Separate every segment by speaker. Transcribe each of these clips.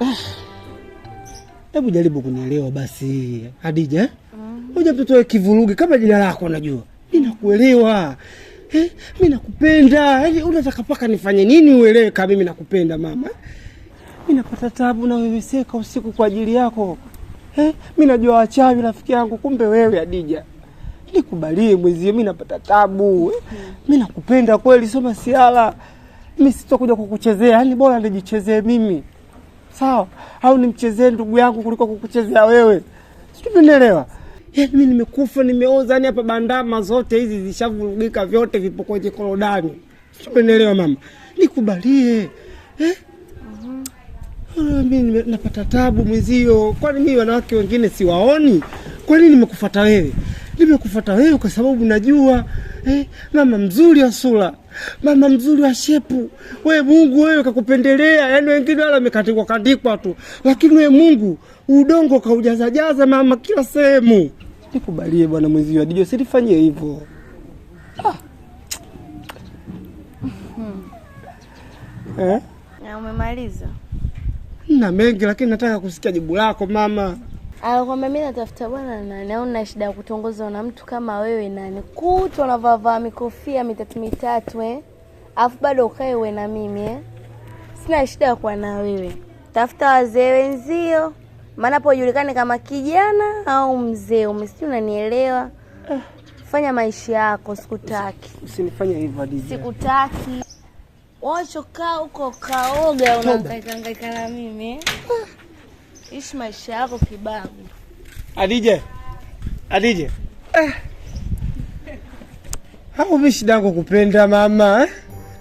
Speaker 1: Ah. Hebu jaribu kunielewa basi, Hadija. Hoja eh? mtoto wa kivurugi kama jina lako najua. Mimi nakuelewa. Eh, mimi nakupenda. Yaani unataka paka nifanye nini uelewe kama mimi nakupenda mama? Mimi napata tabu na weweseka usiku kwa ajili yako. Eh, mimi najua wachawi rafiki yangu, kumbe wewe Hadija. Nikubalie mwezio, mimi napata tabu. Eh, mimi nakupenda kweli, soma siala. Mimi sitokuja kukuchezea, yaani bora nijichezee mimi sawa, au nimchezee ndugu yangu kuliko kukuchezea wewe, sijui unielewa. Yaani mimi nimekufa nimeoza, yani hapa bandama zote hizi zishavurugika, vyote vipo kwenye korodani, sijui Mama nikubalie eh? Mhm. Ah, mimi napata tabu mwezio, kwani mimi wanawake wengine siwaoni? Kwa nini nimekufuata wewe? nimekufuata wewe kwa sababu najua eh, mama mzuri wa sura, mama mzuri wa shepu. We Mungu wewe kakupendelea, yani wengine wala amekatikwa kandikwa tu, lakini we Mungu udongo kaujazajaza mama kila sehemu. Nikubalie bwana mwezi Dijo, silifanyie hivyo ah.
Speaker 2: Eh? Umemaliza?
Speaker 1: Na mengi lakini nataka kusikia jibu lako mama.
Speaker 2: Alikwambia ah, mimi natafuta bwana nani au na shida ya kutongozwa na mtu kama wewe nani? Kutu anavavaa mikofia mitatu mitatu eh. Alafu bado ukae wewe na mimi eh. Sina shida ya kuwa na wewe. Tafuta wazee wenzio. Maana po ujulikane kama kijana au mzee. Umesikia unanielewa? Fanya maisha yako sikutaki.
Speaker 1: Usinifanye hivyo Hadija.
Speaker 2: Sikutaki. Wacho kaa huko kaoga unaangaika na mimi. Eh? Ishi maisha yako kibabu.
Speaker 1: Adije. Adije. Eh. Hao shida yangu kupenda mama. Eh?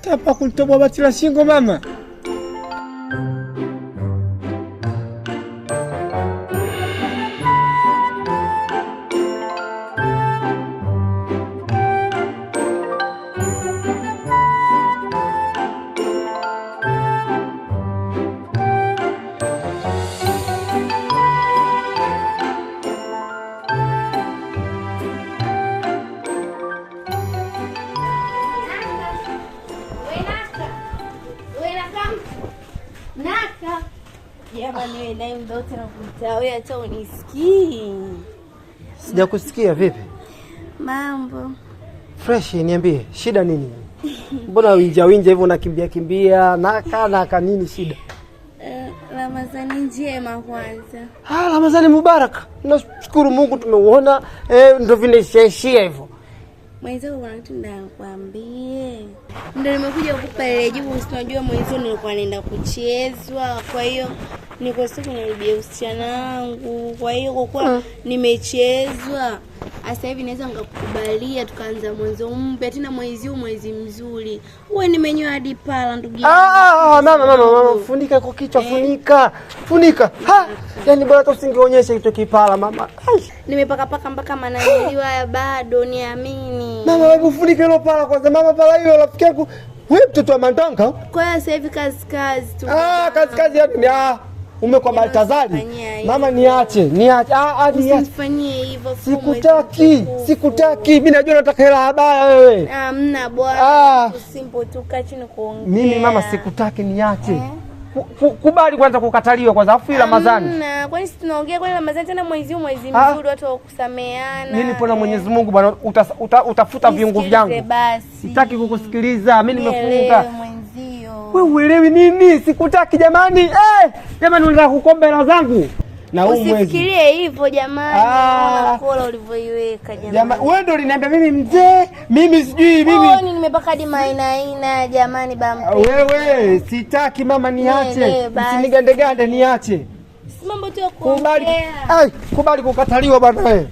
Speaker 1: Tapa kunitoboa batila shingo mama.
Speaker 2: naomba niwe naye muda wote hata unisikii.
Speaker 1: Sijakusikia vipi?
Speaker 2: Mambo
Speaker 1: fresh, niambie shida nini? Mbona winja winja hivyo unakimbia kimbia naka naka nini shida? Eh,
Speaker 2: Ramadhani njema kwanza.
Speaker 1: Ah, Ramazani mubaraka. Nashukuru Mungu tumeuona. Eh, ndio vile shaishia hivyo.
Speaker 2: Mwanzo kuna kitu nakwambie. Ndio nimekuja kukupa lile jibu, usinajua nilikuwa nenda kuchezwa. Kwa hiyo niko siku nirudie usichana wangu. Kwa hiyo kwa kuwa mm. nimechezwa sasa hivi naweza nikakubalia tukaanza mwanzo mpya tena, mwezi huu mwezi mzuri. Uwe nimenyoa hadi pala, ndugu
Speaker 1: Ah, ah, ah mama mama mama, eh. funika kwa kichwa eh, funika funika ha, yani bora usingeonyesha kitu kipala mama.
Speaker 2: Nimepaka paka mpaka manajiliwa haya bado, niamini
Speaker 1: mama. Hebu funika hilo pala kwanza mama, pala hiyo rafiki yangu wewe, mtoto wa mandanga.
Speaker 2: Kwa sasa hivi kazi kazi tu.
Speaker 1: Ah, kazi kazi yani ah ume kwa Baltazari, mama niache, niache. Ah, ah, niache. Sikutaki, sikutaki. Mimi najua nataka hela habaya wewe.
Speaker 2: Amna bwana. Ah. Simple tu kaa chini kuongea.
Speaker 1: Mimi mama sikutaki, niache. Eh? Kubali kwanza kukataliwa kwanza, afu ila mazani.
Speaker 2: Kwani si tunaongea kwani mazani tena, mwezi huu mwezi ah. mzuri, watu wakusameana.
Speaker 1: Mimi nipo na Mwenyezi Mungu bwana, utafuta viungo vyangu. Sitaki kukusikiliza, mimi nimefunga we uelewi nini? Sikutaki jamani. Eh, jamani unataka kukomba hela zangu.
Speaker 2: Na wewe usifikirie hivyo jamani. Ah. Kola ulivyoiweka
Speaker 1: jamani. Jamani wewe ndio uliniambia mimi mzee, mimi sijui mimi.
Speaker 2: Oh, nimepaka di maina ina jamani bampo.
Speaker 1: Ah, wewe sitaki mama niache. Usinigandegande niache.
Speaker 2: Si mambo tu ya kuongea. Kubali.
Speaker 1: Ai, kubali kukataliwa bwana wewe.